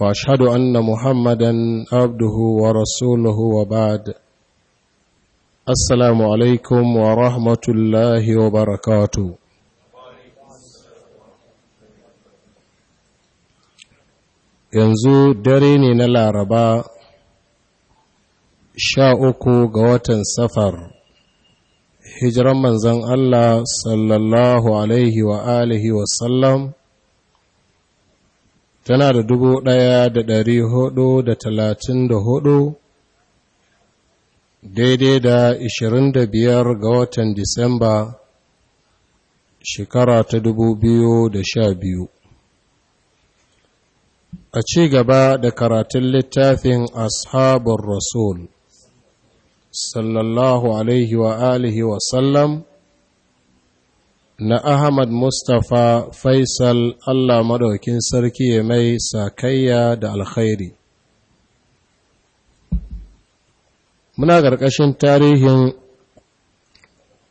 واشهد ان محمدا عبده ورسوله وبعد السلام عليكم ورحمه الله وبركاته yanzu dare ne na laraba sha uku ga watan safar hijiran manzan allah sallallahu alaihi wa alihi wasallam tana da dubu ɗaya da ɗari hudu da talatin da hudu daidai da ishirin da biyar ga watan disamba shekara ta dubu biyu da sha biyu a ci gaba da karatun littafin ashabar rasul sallallahu alaihi wa alihi sallam. na Ahmad Mustapha Faisal Allah maɗaukin sarki ya mai sakayya da alkhairi. Muna ƙarƙashin tarihin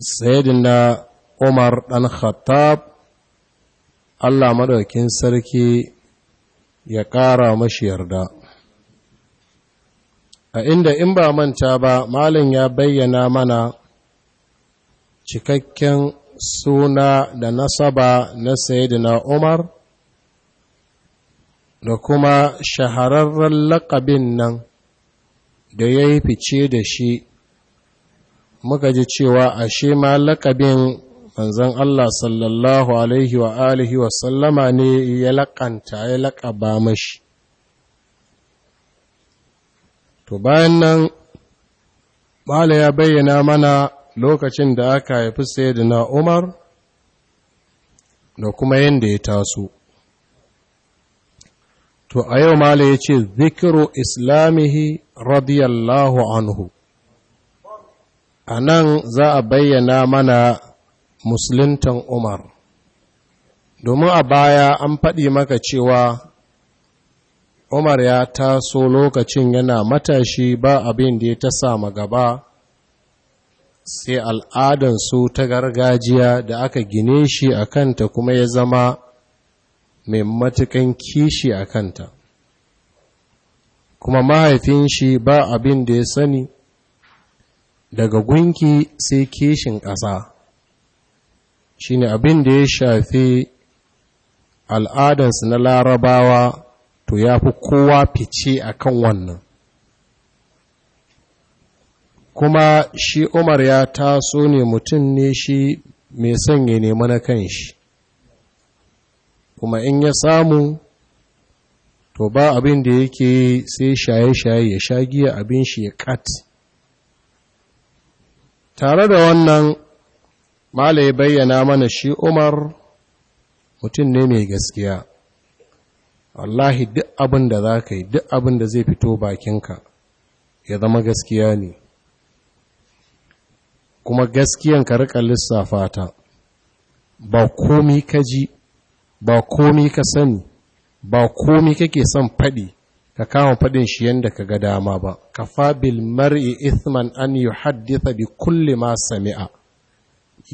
Sayyidina Umar ɗan Khattab Allah maɗaukin sarki ya ƙara mashi yarda. A inda in ba manta ba, Malin ya bayyana mana cikakken suna da nasaba na Sayyidina Umar da kuma shahararren laƙabin nan da ya yi fice da shi muka ji cewa ashe ma laƙabin manzon Allah sallallahu alaihi wa alihi wa sallama ne ya laƙanta ya laƙaba mashi to bayan nan Bala ya bayyana mana lokacin da aka haifi sayyidina Umar da kuma yanda ya taso to a yau mala ya ce zikiru islamihi radiyallahu anhu a nan za a bayyana mana musuluntan umar domin a baya an faɗi maka cewa umar ya taso lokacin yana matashi ba abin da ya ta sama gaba sai al'adansu ta gargajiya da aka gine shi a kanta kuma ya zama mai matukan kishi a kanta kuma mahaifin shi ba abin da ya sani daga gunki sai kishin ƙasa shi ne abin da ya shafi al'adansu na larabawa to ya fi kowa fice a kan wannan kuma shi umar ya taso ne mutum ne shi mai sanya ya na kan shi kuma in ya samu to ba abin da yake sai shaye-shaye ya shagiya abin shi ya kat tare da wannan mala ya bayyana mana shi umar mutum ne mai gaskiya wallahi duk abin da za ka yi duk abin da zai fito bakinka ya zama gaskiya ne kuma gaskiyan ka rika lissafa ta ba komi ka ji ba komi ka sani ba komi kake son faɗi ka kama faɗin shi yadda ka ga dama ba ka fabil mar'i ithman an yi haddisa bi kulle ma sami'a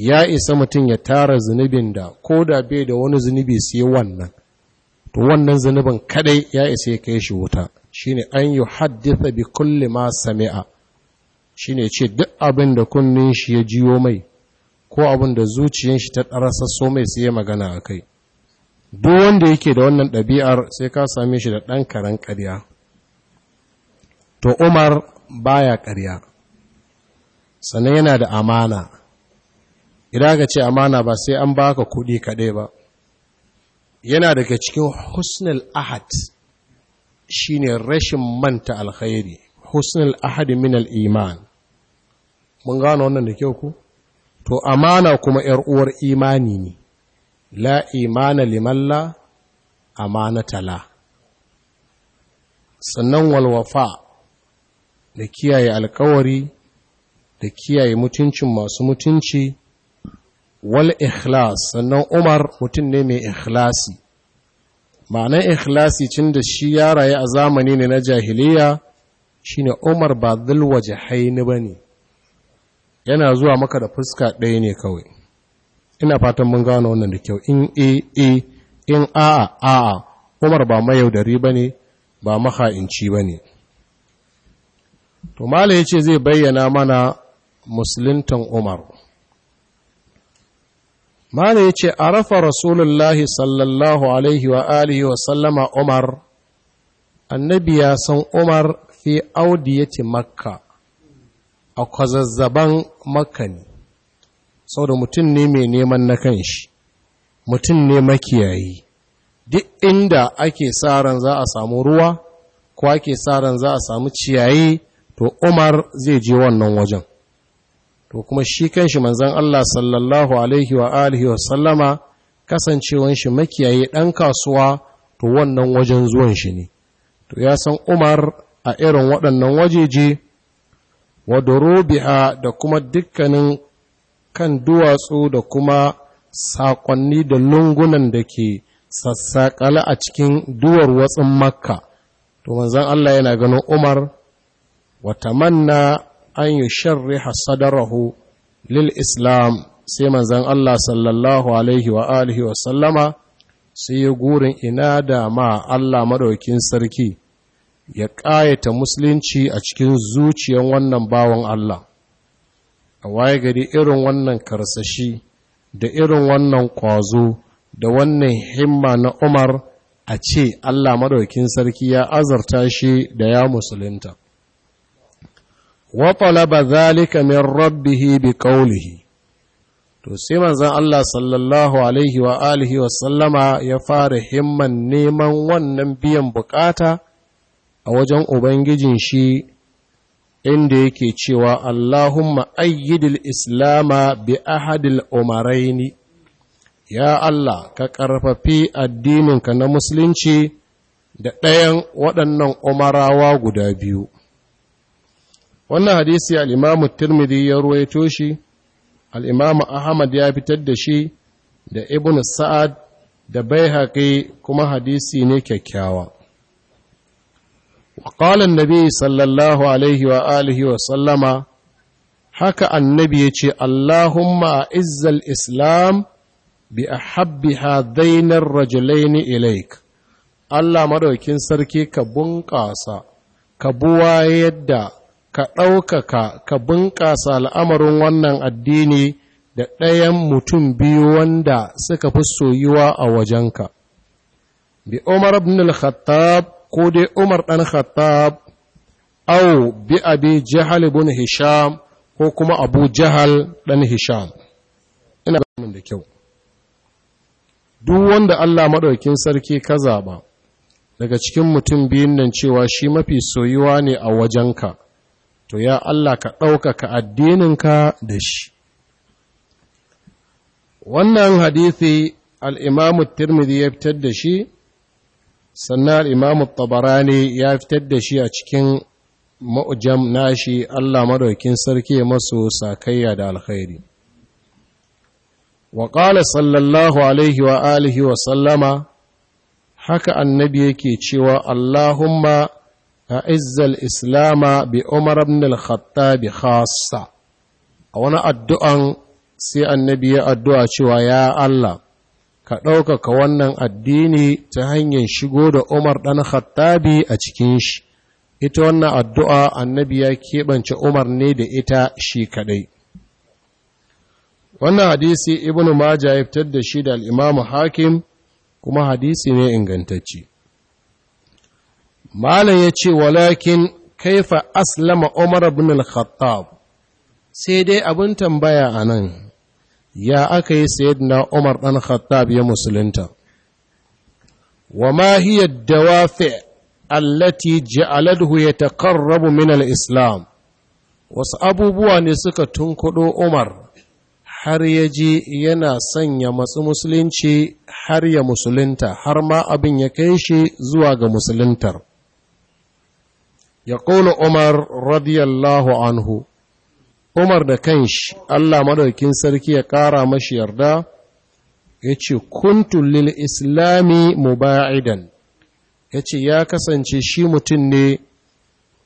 ya isa mutum ya tara zunubin da ko da bai da wani zunubi sai wannan to wannan zunubin kadai ya isa ya kai shi wuta shine an yi haddisa bi kulle ma sami'a Shi ne ce duk abin da kunnin shi ya jiwo mai ko abin da zuciyar shi ta so mai sai ya magana a kai duk wanda yake da wannan ɗabi'ar sai ka same shi da ɗan karen ƙarya to umar baya ƙarya sannan yana da amana idan ka ce amana ba sai an baka kuɗi kaɗai ba yana daga cikin husnul ahad shine rashin manta alkhairi husnul ahad min al-iman mun gano wannan da kyau ku to amana kuma ‘yar uwar imani ne la imana limalla amana tala sannan walwafa da kiyaye alkawari da kiyaye mutuncin masu mutunci wal ikhlas sannan umar mutum ne mai ikhlasi ma'anar ikhlasi cin da shi ya rayu a zamani ne na jahiliya shine umar ba dulwaje haini ba ne yana zuwa maka da fuska ɗaya ne kawai ina fatan mun gano wannan da kyau in a a in a a a umar ba mayaudari ba ne ba maha'inci ba ne to ya ce zai bayyana mana musulintan umar mana ya ce arafa rasulullahi sallallahu alaihi wa alihi wa sallama umar annabi ya san umar fi audiyati makka a kwazazzaban makani saboda mutum ne mai neman na kan shi mutum ne makiyayi duk inda ake tsaron za a samu ruwa ko ake tsaron za a samu ciyayi to umar zai je wannan wajen to kuma shi kanshi manzan Allah sallallahu alaihi wa alihi wa sallama kasancewan shi makiyayi ɗan kasuwa to wannan wajen zuwan shi ne to ya san umar a irin waɗannan wajeje wa durubiha da kuma dukkanin kan duwatsu da kuma saƙonni da lungunan da ke sassaƙala a cikin duwar watsin makka to manzan Allah yana ganin umar wata manna an yi sharri hasadarahu lil islam sai manzan Allah sallallahu alaihi wa alihi wa sai ya gurin ina da ma Allah maɗaukin sarki ya ƙayata musulunci a cikin zuciyan wannan bawan Allah a waye gari irin wannan karsashi da irin wannan ƙwazo da wannan himma na Umar a ce Allah maɗaukin sarki ya azarta shi da ya musulunta wa talaba zalika min rabbihi bi ƙaulihi, to sai manzan Allah sallallahu alaihi wa’alihi wa sallama ya fara himman neman wannan biyan bukata a wajen ubangijin shi inda yake cewa Allahumma ayyidil islama bi ahadil umaraini ya Allah ka ƙarfafi addininka na musulunci da ɗayan waɗannan umarawa guda biyu wannan hadisi al'imamu turmidi ya ruwaito shi al'imamu ahmad ya fitar da shi da ibn sa'ad da bai kuma hadisi ne kyakkyawa وقال النبي صلى الله عليه وآله وسلم haka annabi ya ce Allahumma izzal islam bi a habbi hadainar rajulaini ilaik Allah madaukin sarki ka bunƙasa ka buwa yadda ka ɗaukaka ka bunƙasa al'amarin wannan addini da ɗayan mutum biyu wanda suka fi soyuwa a wajenka bi Umar ibn al ko dai Umar ɗan Khattab, au bi abi jahal ibn Hisham ko kuma Abu Jahal ɗan Hisham. Ina ga da kyau. Duk wanda Allah maɗaukin sarki ka zaɓa daga cikin mutum biyun nan cewa shi mafi soyuwa ne a wajenka, to ya Allah ka ɗaukaka addininka da shi. Wannan hadithi al'imamu Tirmidhi ya fitar da shi, sannan imamu tabarani ya fitar da shi a cikin ma'ujam nashi Allah madaukin sarki masu sakayya da alkhairi wa ƙala sallallahu alaihi wa alihi wa sallama haka annabi yake cewa Allahumma a'izzal islama bi Umar ibn al-Khattab khassa a wani addu'an sai annabi ya addu'a cewa ya Allah ka ɗaukaka wannan addini ta hanyar shigo da Umar ɗan Khattabi a cikin shi, ita wannan addu'a annabi ya keɓance Umar ne da ita shi kaɗai. Wannan hadisi Ibn Maja ya fitar da shi da al'imamu hakim kuma hadisi ne ingantacci. Malam ya ce, walakin kaifa aslama Umar bin al-Khattab, sai dai abin tambaya a nan. ya aka yi sayyidina Umar ɗan Khattab ya musulunta. Wa ma hiya dawafi allati ja'aladhu yataqarrabu min al-islam wasu abubuwa ne suka tunkuɗo Umar har ya ji yana sanya masu musulunci har ya musulunta har ma abin ya kai shi zuwa ga musuluntar. Ya ƙola Umar radiyallahu anhu umar da kan shi allah madaukin sarki ya ƙara mashi yarda ya ce kuntun lil islami muba'idan ya ce ya kasance shi mutum ne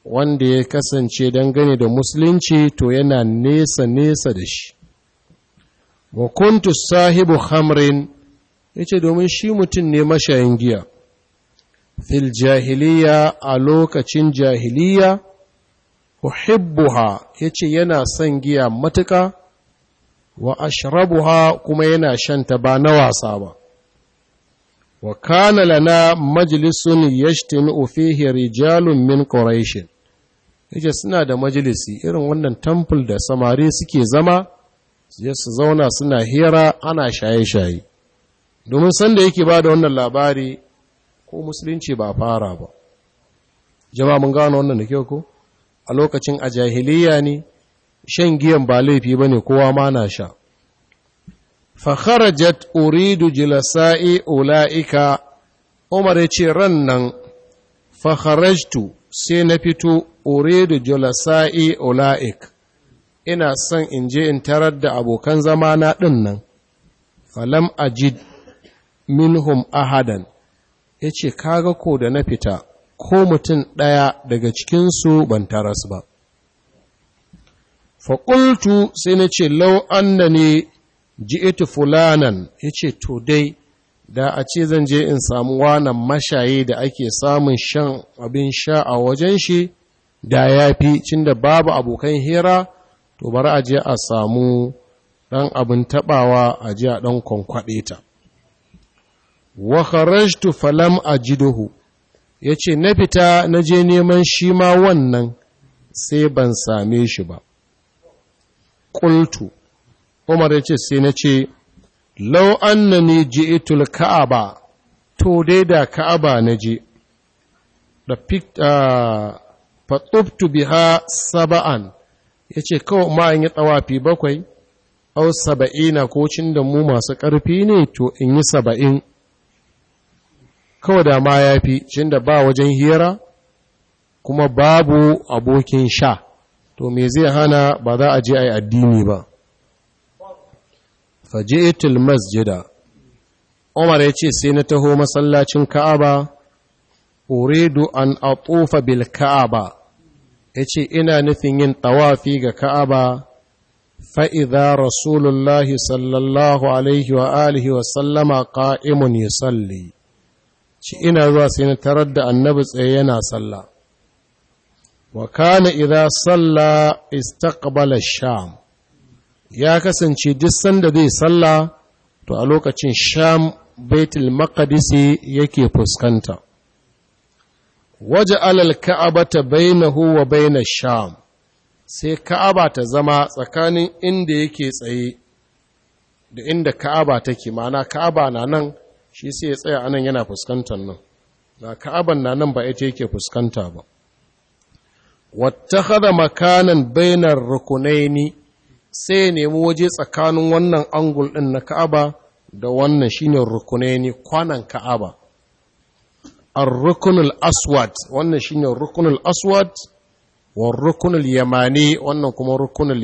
wanda ya kasance dangane da musulunci to yana nesa-nesa da shi wa kuntu sahibu hamrin ya ce domin shi mutum ne mashayin giya fil jahiliya a lokacin jahiliya uhibbuha yace yana son giya matuka wa ashrabuha kuma yana shanta ba na wasa ba wa kana lana majlisun yashtinu fihi rijalun min quraish yace suna da majalisi irin wannan temple da samari suke zama su zauna suna hira ana shaye-shaye domin sanda yake ba da wannan labari ko musulunci ba fara ba jama'a mun gano wannan da kyau ko a lokacin a jahiliya ne shan giyan ba laifi ba ne kowa ma na sha fakharajat uridu jilasa'i ula'ika umar ya ce ran nan fakharajtu sai na fito uridu jilasa'i ula'ik ina son in je in tarar da abokan zama ɗin nan falam ajid minhum ahadan ya ce kaga ko da na fita ko mutum ɗaya daga cikinsu ban tara su ba. Faƙultu sai na ce, Lau an da ne ji'itu fulanan, ya ce, To dai, da a ce zan je in samu wanan mashaye da ake samun shan abin sha a wajen shi, da ya fi cin da babu abokan hira, to bari a je a samu ɗan abin taɓawa a je a ɗan kwankwaɗe ta. Wa kharajtu falam ajiduhu ya ce na fita na je neman shi ma wannan sai ban same shi ba ƙultu umar ya ce sai na ce lau ji itul ka'aba to dai da ka'aba na je da fatsubtu biha saba'an ya ce kawai ma yi tsawafi bakwai au saba'ina ko cin da mu masu ƙarfi ne to in yi saba'in kawai dama ma ya fi cin da ba wajen hira kuma babu abokin sha to me zai hana ba za a je a yi addini ba faji'itul masjida umar ya ce sai na taho masallacin ka'aba uridu an atufa bil ka'aba ya ce ina nufin yin tawafi ga ka'aba fa'iza rasulullahi sallallahu alaihi wa alihi wa sallama ƙa'imun ya salli ci ina zuwa sai na tarar da annabi tsaye yana sallah wa kana idza salla istaqbala sham ya kasance duk sanda zai salla to a lokacin sham baitul maqdis yake fuskanta waje alal ka'aba ta bainahu wa baina sham sai ka'aba ta zama tsakanin inda yake tsaye da inda ka'aba take ma'ana ka'aba na nan shi sai ya tsaya anan yana fuskantar nan da ka'aban na nan ba ita yake fuskanta ba wattakhadha makanan bainar rukunaini sai ya nemi waje tsakanin wannan angul ɗin na ka'aba da wannan shine rukunaini kwanan ka'aba ar-rukunul aswad wannan shine rukunul aswad wa rukunul yamani wannan kuma rukunul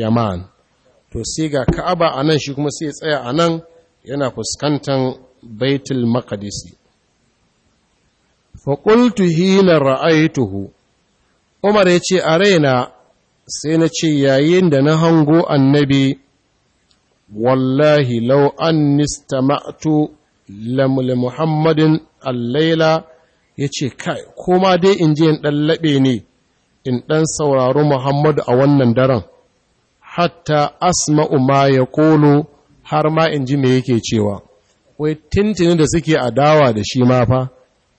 yaman to sai ga ka'aba anan shi kuma sai ya tsaya anan yana fuskantar. baitul maqdisi fa qultu hina ra'aytuhu Umar ya ce a raina sai na ce yayin da na hango annabi wallahi law anni istama'tu lam muhammadin al-laila yace kai koma dai in je in dan labe ne in ɗan sauraro muhammadu a wannan daren hatta asma'u ma kolo, har ma in ji me yake cewa wai tintinin da suke adawa da shi ma fa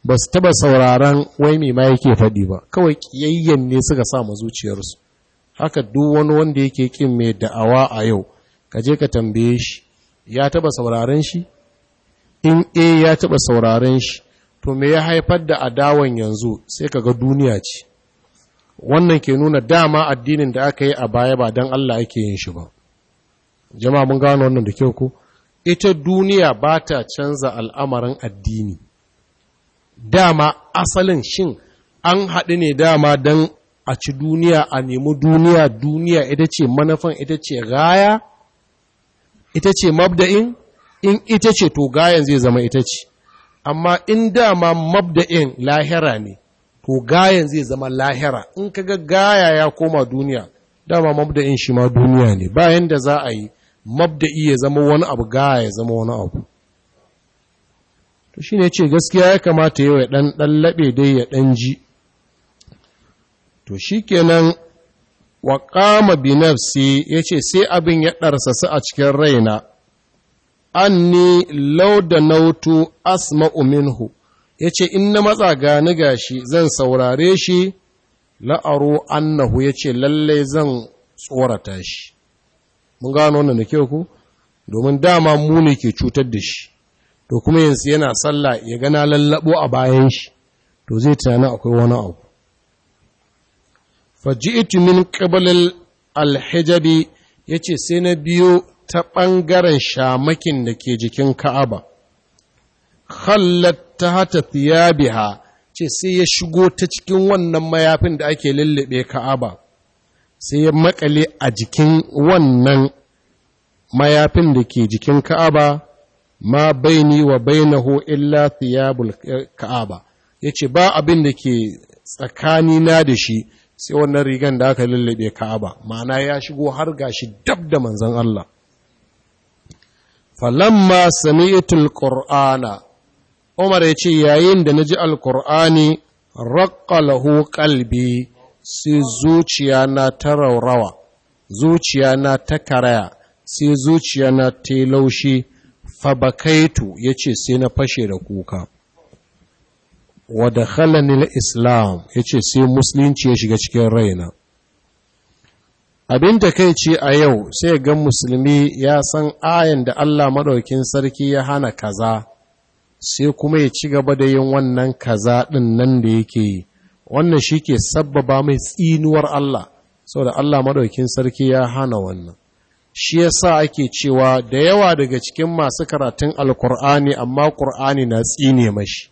ba su taba sauraron wai mai ma yake faɗi ba kawai ƙiyayyen ne suka sa ma zuciyarsu haka duk wani wanda yake ƙin mai da'awa a yau ka je ka tambaye shi ya taba sauraron shi in e ya taba sauraron shi to me ya haifar da adawan yanzu sai ka ga duniya ce wannan ke nuna dama addinin da aka yi a baya ba don Allah ake yin shi ba jama'a mun gano wannan da kyau ko ita duniya ba ta canza al'amarin addini dama asalin shin an haɗu ne dama don a ci duniya a nemi duniya duniya ita ce manufan ita ce gaya ita ce mabda'in in ita ce to gayan zai zama ita ce amma in dama mabda'in lahira ne to gayan zai zama lahira in kaga gaya ya koma duniya dama mabda'in shi ma duniya ne bayan da za a yi mabda'i ya zama wani abu ga ya zama wani abu to shi ne ce gaskiya ya kamata yau ya ɗan labe dai ya dan ji to shi kenan wa kama bi nafsi ya ce sai abin ya su a cikin raina an ni lauda nautu asma'u minhu ya ce in na matsa gani shi, zan saurare shi la'aru. annahu ya ce lallai zan tsorata shi mun gano wannan da kyau ku domin dama mu ne ke cutar da shi to kuma yanzu yana sallah ya gana lallabo a bayan shi to zai tunani akwai wani abu faji'tu min qibal al-hijabi yace sai na biyo ta ɓangaren shamakin da ke jikin Ka'aba khallat tahta thiyabiha ce sai ya shigo ta cikin wannan mayafin da ake lullube Ka'aba sai ya makale a jikin wannan mayafin da ke jikin ka'aba ma baini wa bainahu illa thiyabul ka'aba yace ba abin da ke tsakani na da shi sai wannan rigan da aka lullube ka'aba ma'ana ya shigo har gashi dab da manzon Allah falamma sami'tul qur'ana Umar yace yayin da naji alqur'ani raqqa lahu qalbi sai zuciya na ta raurawa zuciya na ta karaya sai zuciya na ta laushi fabakaitu ya ce sai na fashe da kuka wadda halanil islam ya ce sai musulunci ya shiga cikin raina abin da kai ce a yau sai ga musulmi ya san ayan da allah maɗaukin sarki ya hana kaza sai kuma ya ci gaba da yin wannan kaza ɗin nan da yake yi wannan shi ke sabbaba mai tsinuwar Allah saboda Allah maɗaukin sarki ya hana wannan shi ya sa ake cewa da yawa daga cikin masu karatun alkur'ani amma kur'ani na tsine mashi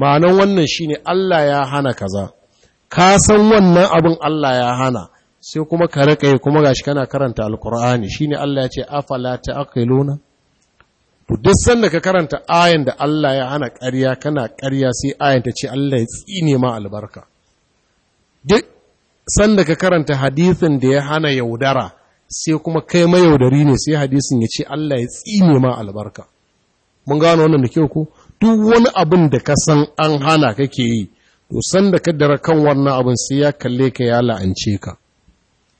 ma'anan wannan shi ne Allah ya hana kaza ka san wannan abin Allah ya hana sai kuma ka rika kuma gashi kana karanta alkur'ani ne Allah ya ce afala ta'qiluna to duk sanda ka karanta ayan da Allah ya hana ƙarya kana ƙarya sai ayan ta ce Allah ya tsine ma albarka duk sanda ka karanta hadisin da ya hana yaudara sai kuma kai mayaudari ne sai hadisin ya ce Allah ya tsine ma albarka mun gano wannan da kyau ko duk wani abin da ka san an hana kake yi to sanda ka dara kan wannan abin sai ya kalle ka ya la'ance ka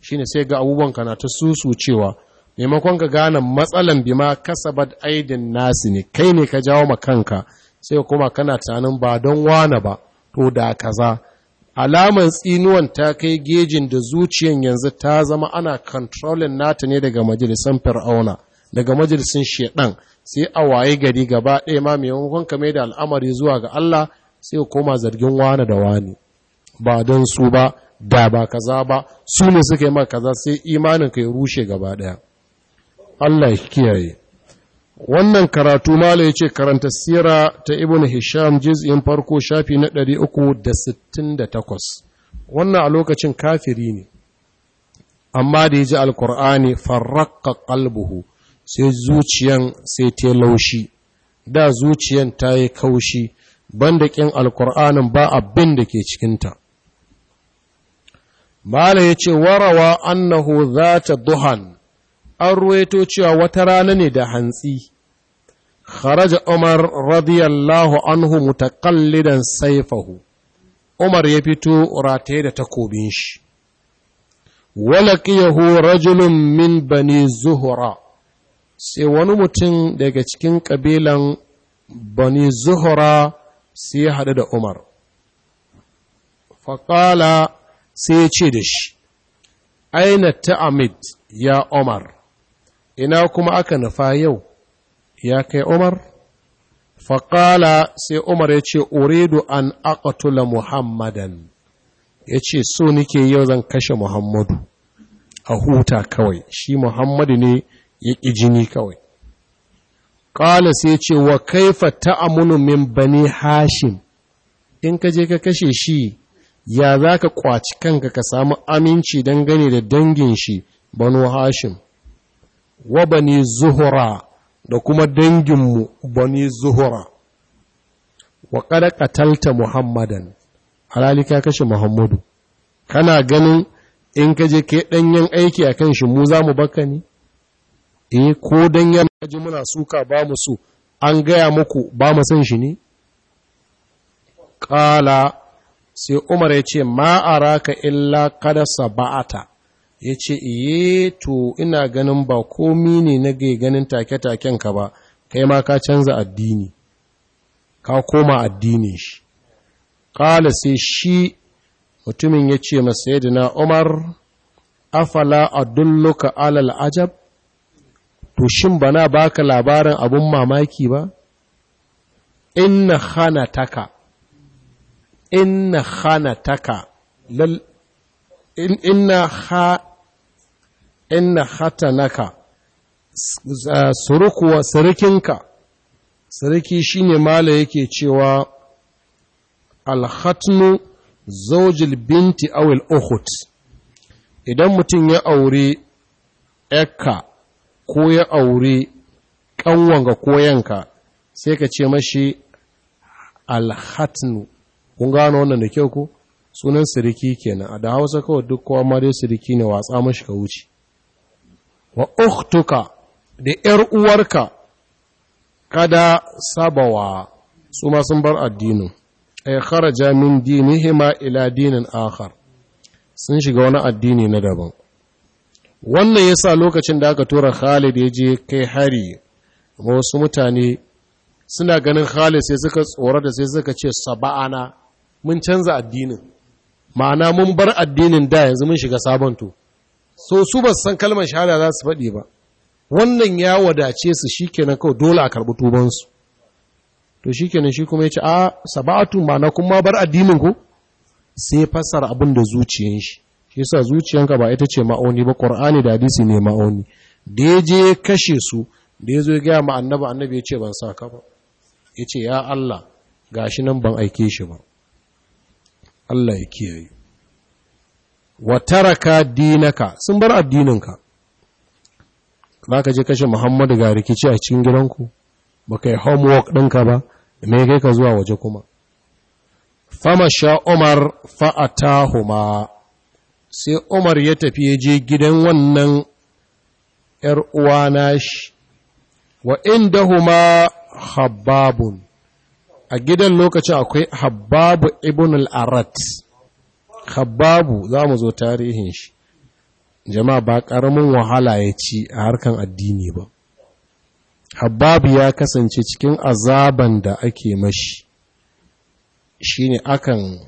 shine sai ga abubuwan ka na ta susu cewa maimakon ka gane matsalan bima kasabat aidin nasi ne kai ne ka jawo ma kanka sai kuma kana tunanin ba don wane ba to da kaza alaman tsinuwan ta kai gejin da zuciyan yanzu ta zama ana kontrolin nata ne daga majalisan fir'auna daga majalisin shedan sai a waye gari gaba ɗaya ma maimakon kame da al'amari zuwa ga Allah sai koma zargin wani da wani ba don su ba da ba kaza ba su ne suka yi maka kaza sai imanin ka ya rushe gaba ɗaya Allah ya kiyaye wannan karatu mala ya ce karanta sira ta ibn hisham jiz'in farko shafi na 368 wannan a lokacin kafiri ne amma da ya ji alkur'ani farraka kalbuhu sai zuciyan sai ta laushi da zuciyan ta yi kaushi banda kin alkur'anin ba abin da ke cikinta mala ya ce warawa annahu za ta duhan an ruwaito cewa wata rana ne da hantsi kharaja umar radiyallahu anhu mutakallidan saifahu umar ya fito rataye da takobin shi walaqiyahu rajulun min bani zuhura sai wani mutum daga cikin ƙabilan bani zuhura sai ya haɗu da umar Fakala sai ya ce da shi aina ta'amid ya umar ina kuma aka nufa yau ya kai Umar? Faƙala sai Umar ya ce, Oredo an akatula Muhammadan, ya ce, So nike yau zan kashe Muhammadu a huta kawai, shi Muhammadu ne ya ƙi jini kawai. Ƙala sai ce, Wa kaifa ta'amunu min bani Hashim, in ka je ka kashe shi, ya za ka kwaci kanka ka samu aminci dangane da dangin shi, banu Hashim, wa bani Zuhura. da kuma danginmu bani zuhura wa kada katalta muhammadan alhali ka kashe muhammadu kana ganin in ka je ke ɗanyen aiki a kan shi mu za mu baka ne eh ko dan yana ji muna suka ba mu su an gaya muku ba mu san shi ne ƙala sai umar ya ce ma'araka illa kada saba'ata ya ce iye to ina ganin ba komi ne na ga ganin take-taken ka ba kai ma ka canza addini ka koma addini. shi ƙala sai shi mutumin ya ce masu yadda umar afala adulluka alal ajab to shin bana baka labarin abin mamaki ba inna khanataka inna khanataka lal inna inna hatanaka surukuwa eh, surukinka sarki shine mala yake cewa alhatnu Zojil, binti awil Ohut idan mutum ya aure ekka ko ya aure ƙanwanga koyanka sai ka ce mashi alhatnu kun gano wannan da kyau ku sunan siriki kenan a da hausa kawai duk kowa ma dai siriki ne watsa mashi ka wuce wa uktuka da ‘yar uwarka kada sabawa su ma sun bar addinin, ai kharaja min dinihima ila dinin akhar sun shiga wani addini na daban. Wannan ya sa lokacin da aka tura Khalid ya je kai hari ma wasu mutane suna ganin Khalid sai suka tsora da sai suka ce saba'ana mun canza addinin, ma'ana mun bar addinin da yanzu mun shiga sabon so su ba san kalmar shahada za su faɗi ba wannan ya wadace su kenan kawai dole a karɓi tubansu to kenan shi kuma ya ce a sabatu ma'ana kuma bar addinin ku sai fassara abin da zuciyan shi shi yasa zuciyanka ba ita ce ma'auni ba qur'ani da hadisi ne ma'auni da ya je kashe su da ya zo ya ma annabi annabi ya ce ban sa ka ba ya ce ya Allah gashi nan ban aike shi ba Allah ya kiyaye wa taraka dinaka sun bar addininka Ba ka je kashe muhammadu ga rikici a cikin gidanku ba ka yi homework ɗinka ba me kai ka zuwa waje kuma fama sha umar fa'ata huma sai umar ya tafi ya je gidan wannan ‘yar uwana shi wa inda huma hababun, a gidan lokacin akwai hababu ibn al'arat khababu za mu zo tarihin shi jama'a ba ƙaramin wahala ya ci a harkan addini ba hababu ya kasance cikin azaban da ake mashi shine akan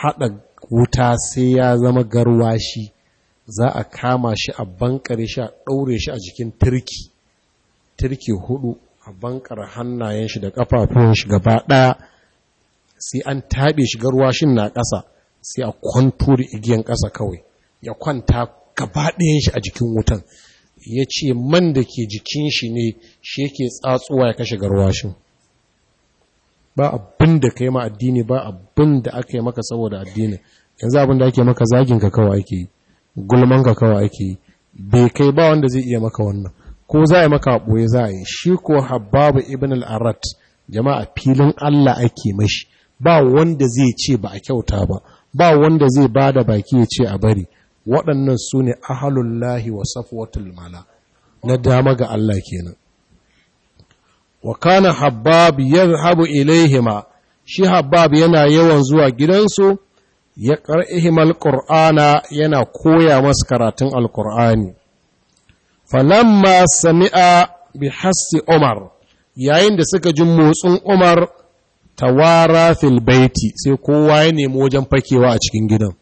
haɗa wuta sai ya zama garwashi za a kama shi a bankare shi a ɗaure shi a jikin turki turki hudu a bankar hannayen shi da ƙafafun shi gaba ɗaya sai an taɓe shi garwashin na ƙasa sai a kwanto da igiyan ƙasa kawai ya kwanta gaba ɗayan shi a jikin wutan ya ce man da ke jikin shi ne shi yake tsatsuwa ya kashe garwashin ba abin da ka yi ma addini ba abin da aka yi maka saboda addini yanzu abin da ake maka zagin ka kawai ake yi gulman ka kawai ake yi bai kai ba wanda zai iya maka wannan ko za a yi maka ɓoye za a yi shi ko hababu ibn al-arat jama'a filin Allah ake mashi ba wanda zai ce ba a kyauta ba ba wanda zai ba da baki ya ce a bari waɗannan su ne ahalullahi wa safuwatul mala na dama ga Allah kenan wa kana habbab yadhhabu ilaihima shi habab yana yawan zuwa gidansu ya qara'ihim alqur'ana yana koya masu karatun alqur'ani falamma sami'a bi hassi umar yayin da suka ji motsin umar tawara fil baiti sai kowa ya nemi wajen fakewa a cikin gidan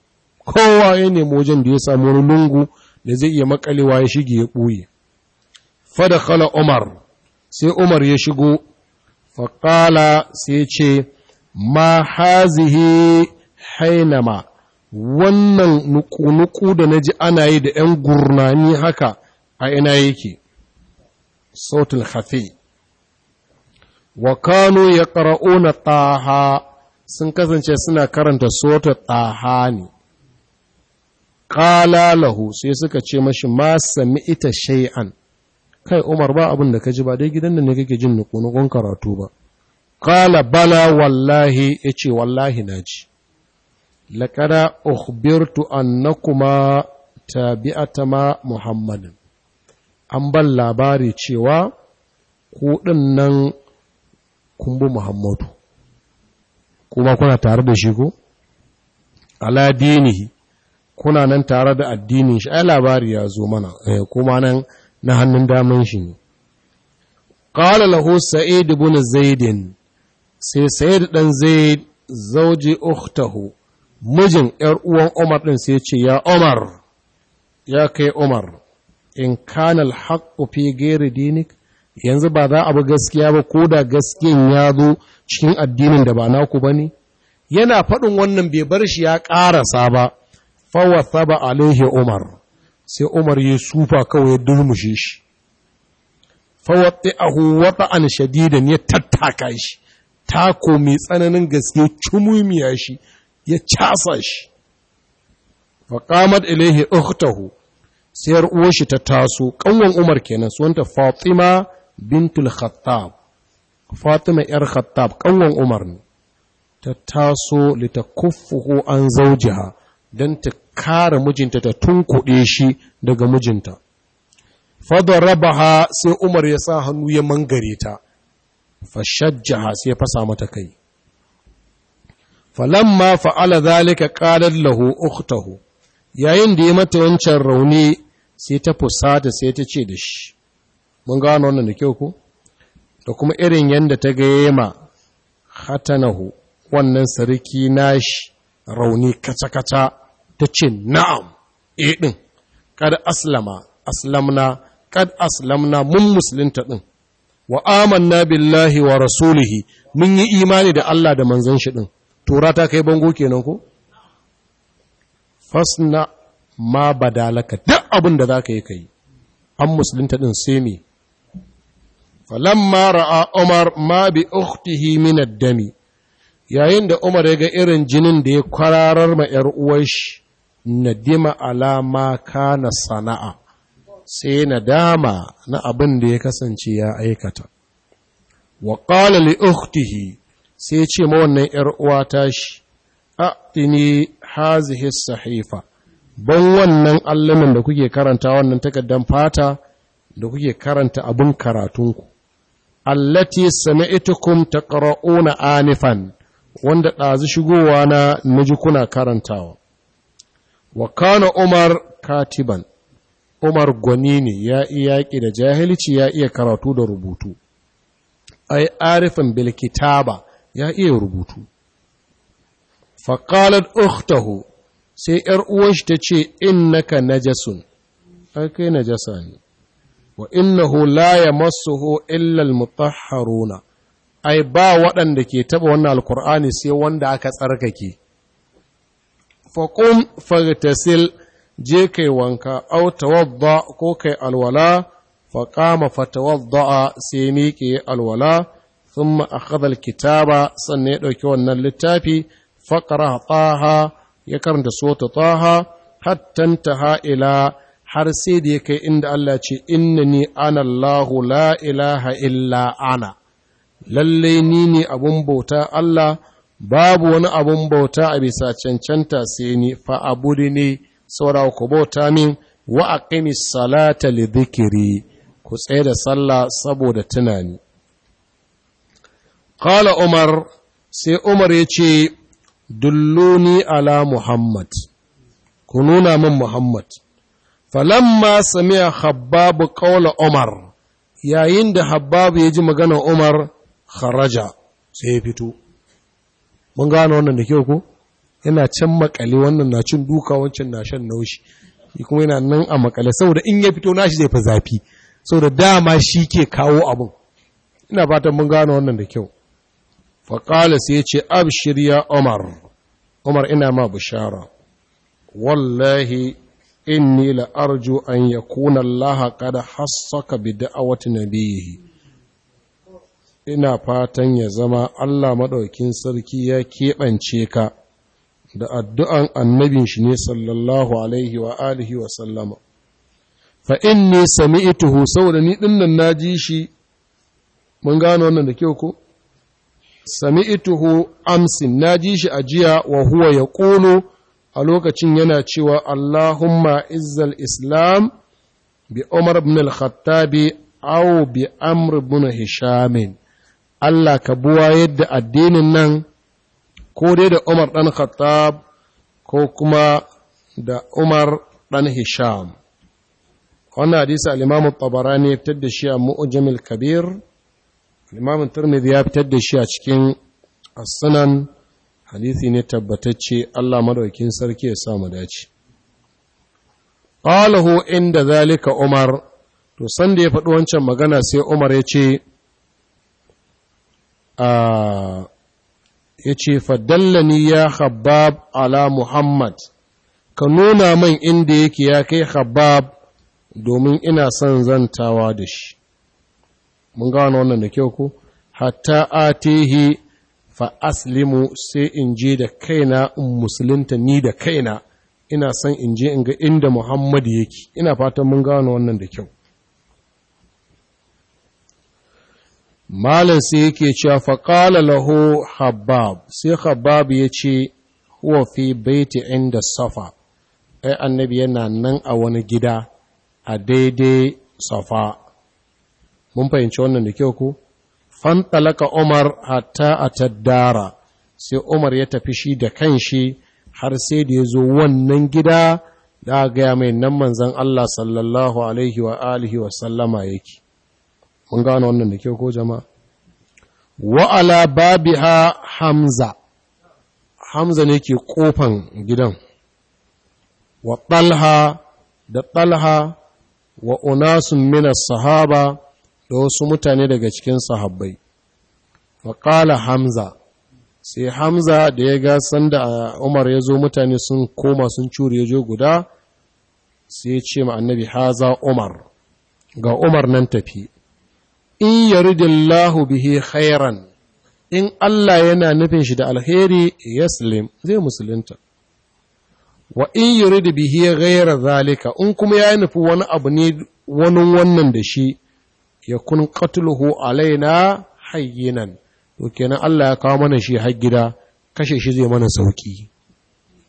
kowa ya nemi wajen da ya samu wani lungu da zai iya makalewa ya shige ya ɓoye fadakala umar sai umar ya shigo faƙala sai ce ma hazihi hainama wannan nuku-nuku da na ji ana yi da ‘yan gurnani haka a ina yake sautin hafi wa kanu ya ƙara'una taha sun kasance suna karanta sota taha ne ƙala lahu sai suka ce mashi ma sami ita shay'an kai umar ba abin da ka ji ba dai gidan da ne kake jin nukunukun karatu ba ƙala bala wallahi ya ce wallahi na ji laƙada ukhbirtu annakuma tabi'ata ma muhammadin an ban labari cewa kuɗin nan kun bi Muhammadu kuma kuna tare da shi ko ala dinihi kuna nan tare da addinin shi ai labari ya zo mana eh, kuma nan na hannun daman shi ne qala lahu sa'id ibn zaid sai sa'id dan zaid zauji ukhtahu mijin ‘yar uwan Umar ɗin sai ce, Ya Umar, ya kai Umar, in kanal haƙƙo fi gere dinik, yanzu ba za a bi gaskiya ba ko da gaskiyan ya zo cikin addinin da ba naku ba ne yana faɗin wannan bai bar shi ya ƙarasa ba fawasa ba alaihi umar sai umar ya sufa kawai ya durmushe shi fawasa ahu huwata an shadidan ya tattaka shi tako mai tsananin gaske cumumiya shi ya casa shi faƙamar alaihi uktahu sayar uwar shi ta taso ƙanwan umar kenan sunanta fatima bintul Khattab, Fatima ‘yar Khattab, ƙanwan Umar ne, ta taso lita kuffuhu an zaujiha don ta kare mijinta ta tunkuɗe shi daga mijinta. Fadon rabaha sai Umar ya sa hannu ya mangare ta, fashajjaha sai ya fasa mata kai. Falamma fa'ala zalika qalat lahu uktahu, yayin da ya mata wancan rauni sai ta fusata sai ta ce da shi. mun gano wannan da kyau ku da kuma irin yadda ta gayyama hatanahu wannan sarki nashi rauni kacakaca ta ce na'am e ɗin kada aslama aslamna kad aslamna mun musulunta ɗin wa amanna billahi wa rasulihi mun yi imani da Allah da manzon shi ɗin tura ta kai bango kenan ko fasna ma badalaka duk abin da za ka yi ka an musulunta ɗin sai me falamma ra'a Umar ma bi ukhtihi min dami yayin da Umar ya ga irin jinin da ya kwararar ma ‘yar uwarshi, nadima alama kana sana'a, sai nadama na abin da ya kasance ya aikata. Wa ƙala li uktihi sai ce ma wannan ‘yar uwa tashi, a'tini hazihi sahifa, ban wannan allamin da kuke karanta wannan takaddan fata da kuke karanta abin karatunku, allati sami'tukum taqra'una anifan wanda ɗazu shigowa na naji kuna karantawa wa kana umar katiban umar gwani ne ya iya yaƙi da jahilci ya iya karatu da rubutu ai arifin bilkitaba ya iya rubutu Fakalar uktahu sai ‘yar uwanshi ta ce in naka najasun, ai kai najasa ne, wa innahu la yamassuhu illa almutahharuna ai ba waɗanda ke taɓa wannan alqur'ani sai wanda aka tsarkake faqum faghtasil je kai wanka aw tawadda ko kai alwala faqama fatawadda sai miƙe alwala thumma akhadha kitaba sannan ya ɗauki wannan littafi faqra taha ya karanta sota taha hatta intaha ila har sai da ya kai inda Allah ce innani ana Allahu la ilaha illa ana lalle ni ne abun bauta Allah babu wani abun bauta a bisa cancanta sai ni fa abudi ne saura ku bauta min wa aqimis salata li dhikri ku tsaye da sallah saboda tunani qala umar sai umar ya ce dulluni ala muhammad ku nuna min muhammad falamma sami'a hababu ƙaula umar yayin da habbabu ya ji maganar umar kharaja sai ya fito mun gano wannan da kyau ko yana can makale wannan na cin duka wancan na shan naushi shi kuma yana nan a makale saboda in ya fito nashi zai fi zafi saboda dama shi ke kawo abun ina fatan mun gano wannan da kyau faƙala sai ya ce abshir ya umar umar ina ma bishara wallahi إني la أن an الله قد حصك hassaka bi ina fatan ya zama Allah maɗaukin sarki ya keɓance ka da addu'an annabin shi ne sallallahu alaihi wa alihi wa sallama fa in ne ita sami'tuhu saboda ni na ji shi mun gano wannan da kyau ko Sami hu amsin ji shi ajiya wa huwa ƙono a lokacin yana cewa Allahumma izzal islam bi Umar ibn al-Khattabi aw bi Amr ibn Hisham Allah ka buwa yadda addinin nan ko dai da Umar dan Khattab ko kuma da Umar dan Hisham wannan hadisi al-Imam at-Tabarani ya fitar da shi a al Kabir al-Imam at-Tirmidhi ya fitar da shi a cikin As-Sunan hadisi ne tabbatacce Allah madaukin sarki ya sa mu dace qalahu inda zalika umar to san da ya faɗi wancan magana sai umar ya ce a ya ce faddallani ya habab ala muhammad ka nuna man inda yake ya kai habab domin ina son zantawa da shi mun gano wannan da kyau ku hatta atihi fa aslimu sai in je da kaina in musulunta ni da kaina ina son in je in ga inda Muhammad yake ina fatan mun gano wannan da kyau malam sai yake cewa fa qala habab sai habab ya ce huwa fi baiti inda safa ai annabi yana nan a wani gida a daidai safa mun fahimci wannan da kyau ko fantalaka umar hatta a sai umar ya tafi shi da kanshi har sai da ya zo wannan gida da a gaya mai nan manzan Allah sallallahu alaihi wa alihi wa sallama yake mun gano wannan da kyau ko jama'a wa ala babiha hamza hamza ne ke kofan gidan wa talha da talha wa unasun mina sahaba da wasu mutane daga cikin sahabbai faƙala hamza sai hamza da ya ga sanda umar ya zo mutane sun koma sun curi ya guda sai ya ce ma annabi haza umar ga umar nan tafi in yaridillahu bihi khairan in Allah yana nufin shi da alheri yaslim zai musulunta wa in yuridu bihi ghayra zalika in kuma ya nufi wani abu ne wani wannan da shi ya kun qatluhu alaina hayyinan to kenan Allah ya kawo mana shi har gida kashe shi zai mana sauki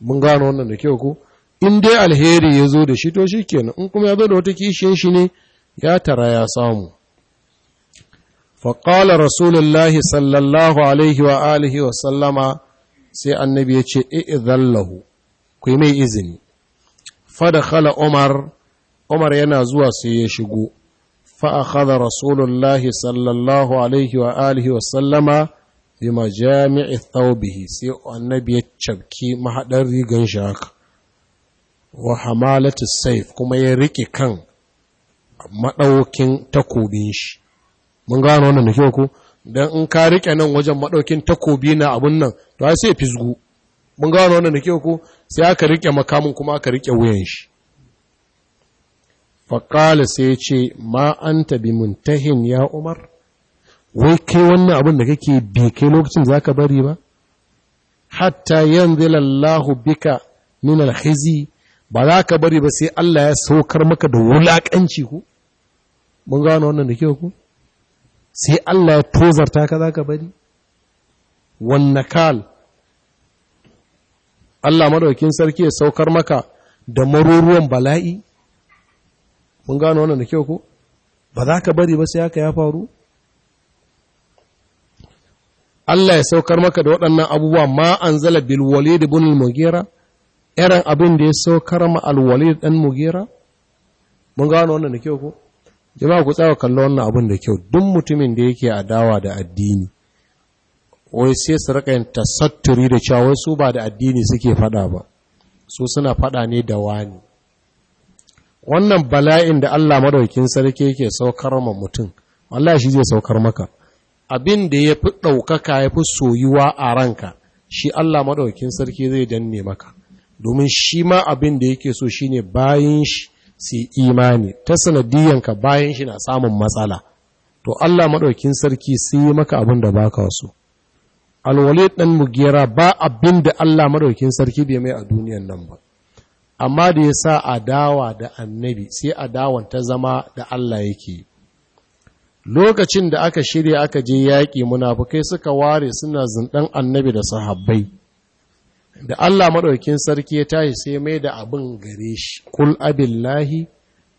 mun gano wannan da kyau ko in dai alheri ya zo da shi to shi kenan in kuma yazo da wata kishiyar shi ne ya tara ya samu faƙala rasulullahi sallallahu alaihi wa alihi wa sallama sai annabi ya ce i'izallahu ku yi mai izini fada khala umar umar yana zuwa sai ya shigo فأخذ رسول الله صلى الله عليه وآله وسلم بمجامع ثوبه سي النبي يتشبكي ما حدر ريغن شاك وحمالة السيف كما يريكي كان ما takobin shi mun gano wannan da kyau dan in ka rike nan wajen madaukin takobi na abun nan to sai fizgu mun gano wannan da kyau ko sai aka rike makamin kuma aka rike wuyan shi faƙala sai ce ma an tabi muntahin ya umar wai kai wannan abin da kake bi kai lokacin za ka bari ba hatta yanzu lallahu bika min alhizi ba za ka bari ba sai Allah ya saukar maka da wulaƙanci ku mun gano wannan da kyau ku sai Allah ya tozarta ka za ka bari wannakal Allah madaukin sarki ya saukar maka da maruruwan bala'i mun gano wannan da kyau ko ba za ka bari ba sai haka ya faru Allah ya saukar maka da waɗannan abubuwa ma an zala bilwale da bunin mugera irin abin da ya saukar ma alwale da ɗan mugera mun gano wannan da kyau ko jama'a ku tsawa kallon wannan abin da kyau duk mutumin da yake adawa da addini wai sai su rika yin tasatturi da cewa su ba da addini suke fada ba su suna fada ne da wani wannan bala'in da Allah madaukin sarki yake saukar ma mutum wallahi shi zai saukar maka abin da ya fi ɗaukaka ya fi soyuwa a ranka shi Allah madaukin sarki zai danne maka domin shi ma abin da yake so shine bayan shi su imani ta ka bayan shi na samun matsala to Allah madaukin sarki sai yi maka abin da baka so alwalid dan mugera ba abin da Allah madaukin sarki bai mai a duniyan nan ba amma da ya sa adawa da annabi sai adawan ta zama da Allah yake lokacin da aka shirya aka je yaƙi munafukai suka ware suna zinɗan annabi da sahabbai da Allah maɗaukin sarki ya tashi sai mai da abin gare shi kul abillahi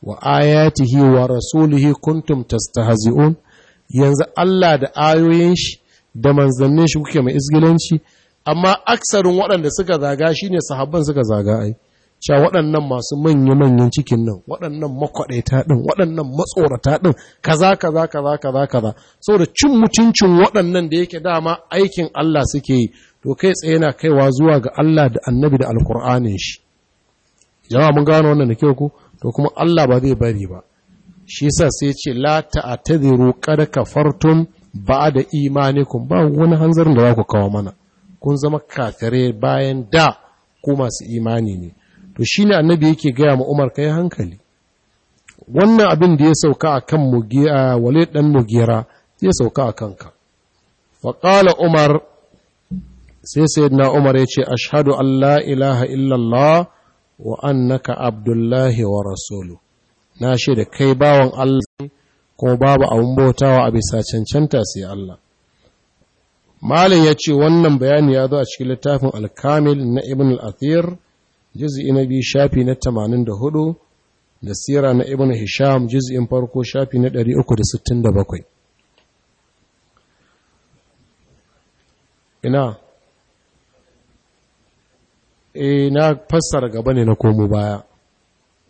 wa ayatihi wa rasulihi kuntum tastahzi'un yanzu Allah da ayoyin shi da manzannin shi kuke mai isgilanci amma aksarin waɗanda suka zaga shine sahabban suka zaga ai cewa waɗannan masu manya-manyan cikin nan waɗannan makwaɗaita ɗin waɗannan matsorata ɗin kaza kaza kaza kaza kaza saboda cin mutuncin waɗannan da yake dama aikin Allah suke yi to kai tsaye na kaiwa zuwa ga Allah da annabi da alkur'anin shi jama mun gano wannan da kyau ko? to kuma Allah ba zai bari ba shi yasa sai ce la ta'tadiru qad kafartum ba'da imanikum ba wani hanzarin da za ku kawo mana kun zama kafare bayan da ku masu imani ne to shi ne annabi yake gaya ma umar kai hankali wannan abin da ya sauka a kan wale ɗan mugera ya sauka a kanka waƙala umar sai sai na umar ya ce ashadu allah ilaha illallah wa annaka abdullahi wa rasulu na shaida kai bawan allah ko babu abin bautawa a bisa cancanta sai allah malin ya ce wannan bayani ya zo a cikin littafin alkamil na ibn al-athir juz'i na biyu shafi na 84 da sira na ibn hisham juz'in farko shafi na 367 ina e na fassara gaba ne na komo baya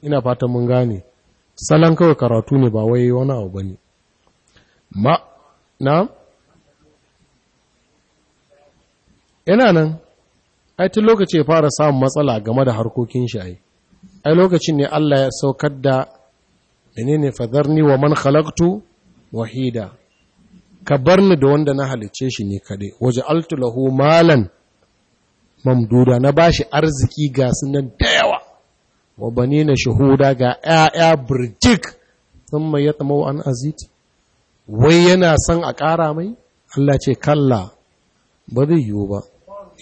ina fatan mun gane salon kawai karatu ne ba wai wani abu bane ma na ina nan ai tun lokaci ya fara samun matsala game da harkokin shi ai ai lokacin ne Allah ya saukar da menene fadarni wa man khalaqtu wahida ka bar ni da wanda na halicce shi ne kade waje altu lahu malan mamduda na bashi arziki ga sunan da yawa wa na shuhuda ga 'ya'ya burjik thumma yatma an azit. wai yana son a ƙara mai Allah ce kalla ba zai yiwu ba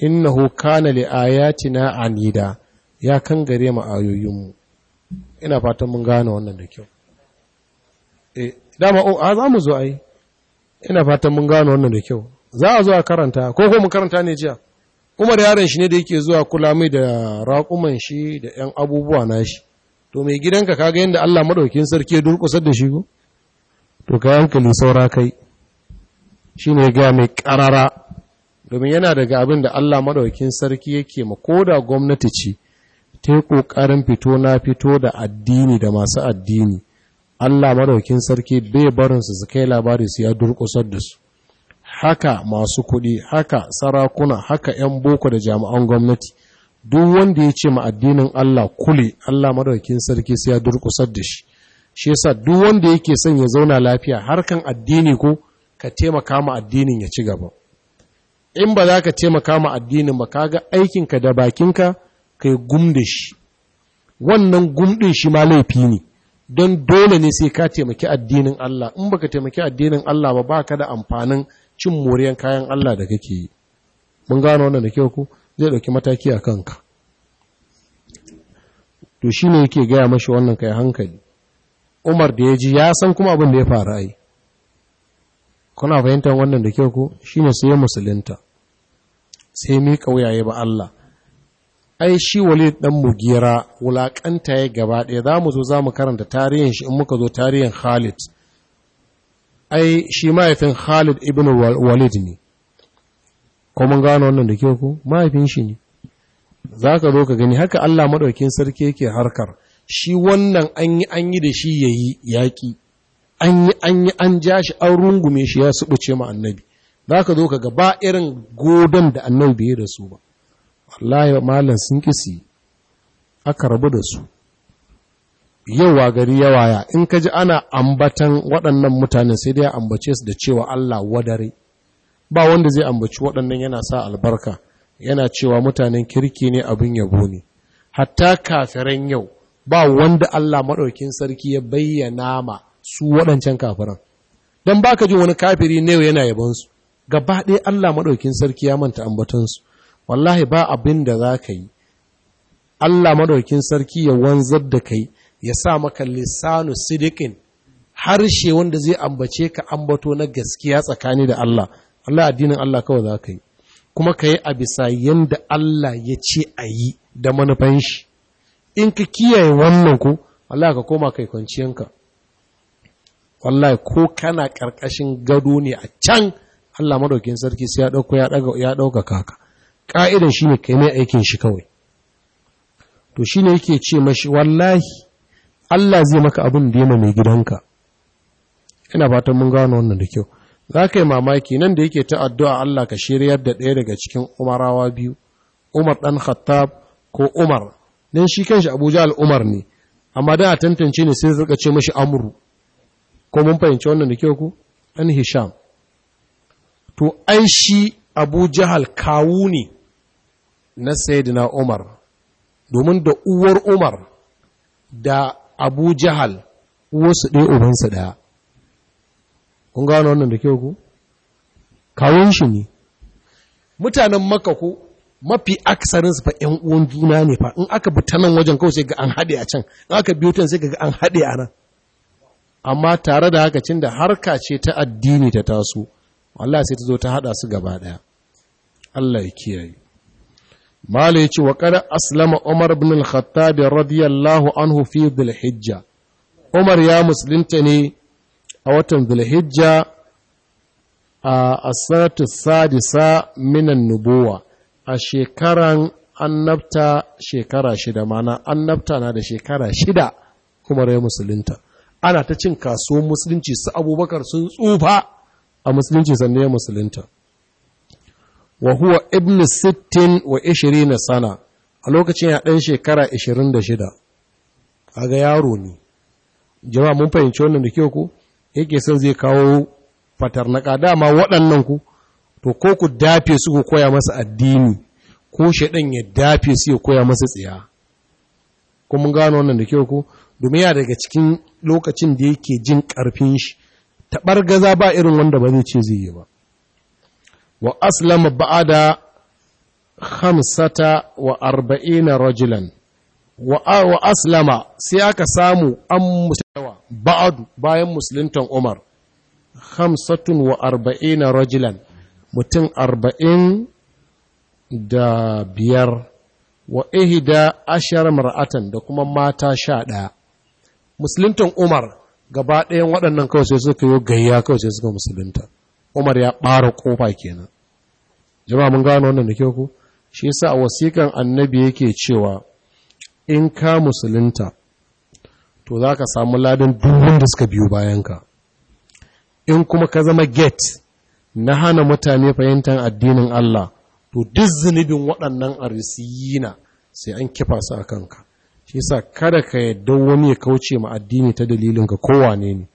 innahu kana li ayatina anida ya kangare mu ayoyinmu ina fatan mun gane wannan da kyau eh dama o oh, a za mu zo ai ina fatan mun gane wannan da kyau za a zo a karanta ko ko mu karanta ne jiya Umar yaron shi ne da yake zuwa kula mai da raƙuman shi da ƴan abubuwa na shi to mai gidanka kaga yadda Allah madaukin sarki ya durƙusar da shi ko to ka hankali saura kai shine ga mai ƙarara domin yana daga abin da Allah maɗaukin sarki yake ma ko da gwamnati ce ta yi ƙoƙarin fito na fito da addini da masu addini Allah maɗaukin sarki bai barinsu su kai labari su ya durƙusar da su haka masu kuɗi haka sarakuna haka 'yan boko da jami'an gwamnati duk wanda ya ce ma addinin Allah kule Allah maɗaukin sarki sai ya durƙusar da shi shi yasa duk wanda yake son ya zauna lafiya harkan addini ko ka taimaka ma addinin ya ci gaba in ba za ka taimaka ma addinin ba ka kaga aikinka da bakinka ka yi gum shi wannan gum ɗin shi ma laifi ne don dole ne sai ka taimaki addinin Allah in baka taimaki addinin Allah ba baka da amfanin cin moriyan kayan Allah da kake yi mun gano wannan da kyau ku zai dauki mataki a kanka to shine yake gaya mashi wannan kai hankali Umar da ya ji ya san kuma abin da ya faru ai kuna fahimtar wannan da kyau shi shine sai musulunta sai mi kauyaye ba Allah ai shi Walid dan Mugira wulakanta ya gaba ɗaya zamu zo mu karanta tarihin shi in muka zo tarihin Khalid ai shi mahaifin Khalid ibn Walid ne ko mun gano wannan da kyau ku mahaifin shi ne zaka zo ka gani haka Allah madaukin sarki yake harkar shi wannan an yi an yi da shi yayi yaki an yi an yi an ja shi an rungume shi ya subuce ma annabi za ka zo ka gaba irin godon da annabi bai da su ba wallahi malam sun kisi aka rabu da su yawa gari yawaya in ka ji ana ambatan waɗannan mutanen sai dai ambace su da cewa Allah wadare ba wanda zai ambaci waɗannan yana sa albarka yana cewa mutanen kirki ne abin yabo ne hatta kafiran yau ba wanda Allah maɗaukin sarki ya bayyana ma su waɗancan kafiran don ba ka ji wani kafiri ne yana yabansu gaba ɗaya Allah maɗaukin sarki ya manta ambatansu wallahi ba abin da za ka yi Allah maɗaukin sarki ya wanzar da kai ya sa maka lissanu sidikin harshe wanda zai ambace ka ambato na gaskiya tsakani da Allah Allah addinin Allah kawai za ka yi kuma ka yi a bisa yadda Allah ya ce a yi da manufan shi in ka kiyaye wannan ku, Allah ka koma kai kwanciyanka wallahi ko kana ƙarƙashin gado ne a can Allah madaukin sarki sai ya dauko ya dauka kaka ka'idan shine kai mai aikin shi kawai to shi ne yake ce mashi wallahi Allah zai maka abin da yana mai gidanka ina fatan mun gano wannan da kyau Za ka yi mamaki nan da yake ta addu'a Allah ka shiryar da ɗaya daga cikin umarawa biyu Umar ɗan Khattab ko Umar dan shi kanshi Abuja al'umar ne amma da a tantance ne sai zurka ce mashi Amru ko mun fahimci wannan da kyau ku an hisham to ai shi abu jahal kawu ne na sayyidina umar domin da uwar umar da abu jahal uwarsu ɗaya ubansa ɗaya kun gano wannan da kyau ku kawun shi ne mutanen maka mafi aksarin su fa ƴan uwan juna ne fa in aka bi ta nan wajen kawai sai ga an haɗe a can in aka biyo ta sai ga an haɗe a nan amma tare da haka cin da harka ce ta addini ta taso Allah sai ta zo ta hada su gaba daya Allah ya kiyaye mala yace wa qad aslama Umar ibn al-Khattab radiyallahu anhu fi dhul Umar ya musulunta ne a watan dhul-hijja a asatu sadisa minan nubuwa a shekaran annabta shekara shida mana annabta na da shekara shida Umar ya musulunta ana ta cin kasuwan musulunci su abubakar sun tsufa a musulunci sannu ya musulunta wa huwa ibn sittin wa ishirina sana a lokacin ya ɗan shekara ishirin da shida kaga yaro ne jama'a mun fahimci wannan da kyau ku yake son zai kawo fatarnaka dama waɗannan ku to ko ku dafe su ku koya masa addini ko shaɗan ya dafe su ya koya masa tsiya ko mun gano wannan da kyau ko domin ya daga cikin lokacin da yake jin karfin shi tabar gaza ba irin wanda ba zai ce zai yi ba wa aslama ba'ada khamsata wa arba'ina rajulan wa aslama sai aka samu an musulawa ba'adu bayan musuluntan Umar khamsatun wa arba'ina rajulan mutum arba'in da biyar wa ihda ashar mar'atan da kuma mata sha ɗaya musuluntan umar gaba ɗayan waɗannan kawai sai suka yi gayya kawai sai suka musulunta umar ya ɓara ƙofa kenan jama'a mun gano wannan da kyau ku shi yasa a wasiƙan annabi yake cewa in ka musulunta to za ka samu Ladin dubun da suka biyu bayanka in kuma ka zama get na hana mutane fahimtar addinin Allah to duk zunubin waɗannan arisiyina sai an kifa su a kanka shi sa kada ka yadda wani ya kauce ma addini ta ka kowane ne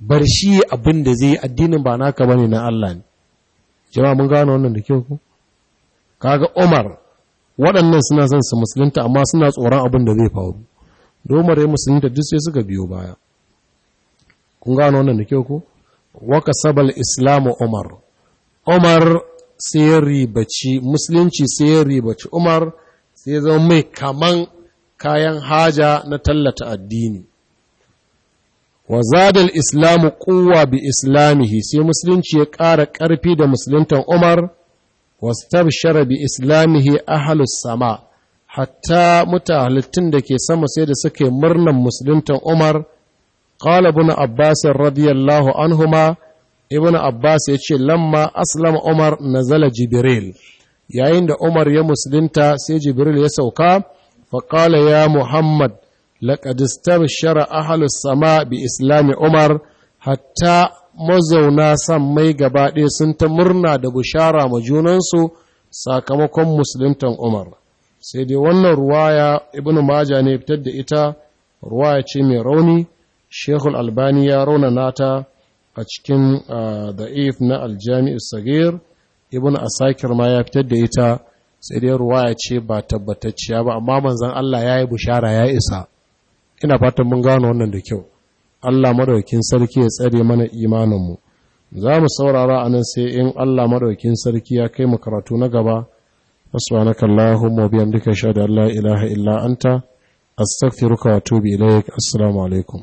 bar shi abin da zai addinin ba naka bane na Allah ne jama mun gano wannan da kyau ku kaga Umar waɗannan suna son su musulunta amma suna tsoron abin da zai faru domar ya musulunta duk sai suka biyo baya kun gano wannan da kyau ku waka sabal islamu Umar Umar sai ya ribaci musulunci sai ya ribaci Umar sai zama mai kaman kayan haja na tallata addini wa zadal islamu kuwa bi islamihi sai musulunci ya ƙara ƙarfi da musuluntan umar wastabshara bi islamihi ahalus sama hatta mutahalittun da ke sama sai da suke murnan musuluntan umar qala ibn abbas radiyallahu anhuma ibn abbas ya ce lamma aslama umar nazala jibril yayin da Umar ya musulunta sai Jibril ya sauka faƙala ya Muhammad laƙadistar shara ahalus sama bi islami Umar hatta mazauna san mai gabaɗe sun ta murna da bushara ma junansu sakamakon musuluntan Umar sai dai wannan ruwaya ibn Maja ne fitar da ita ruwaya ce mai rauni shekul Albani ya raunana ta a cikin ah, da'if na Aljami'u Sagir ibn asakir ma ya fitar da ita sai dai ruwaya ce ba tabbatacciya ba amma manzon Allah ya yi bushara ya isa ina fatan mun gano wannan da kyau Allah madaukin sarki ya tsare mana imanin mu za mu saurara a nan sai in Allah madaukin sarki ya kai mu karatu na gaba subhanaka allahumma wa bihamdika ashhadu an la ilaha illa anta astaghfiruka wa atubu ilaik assalamu alaikum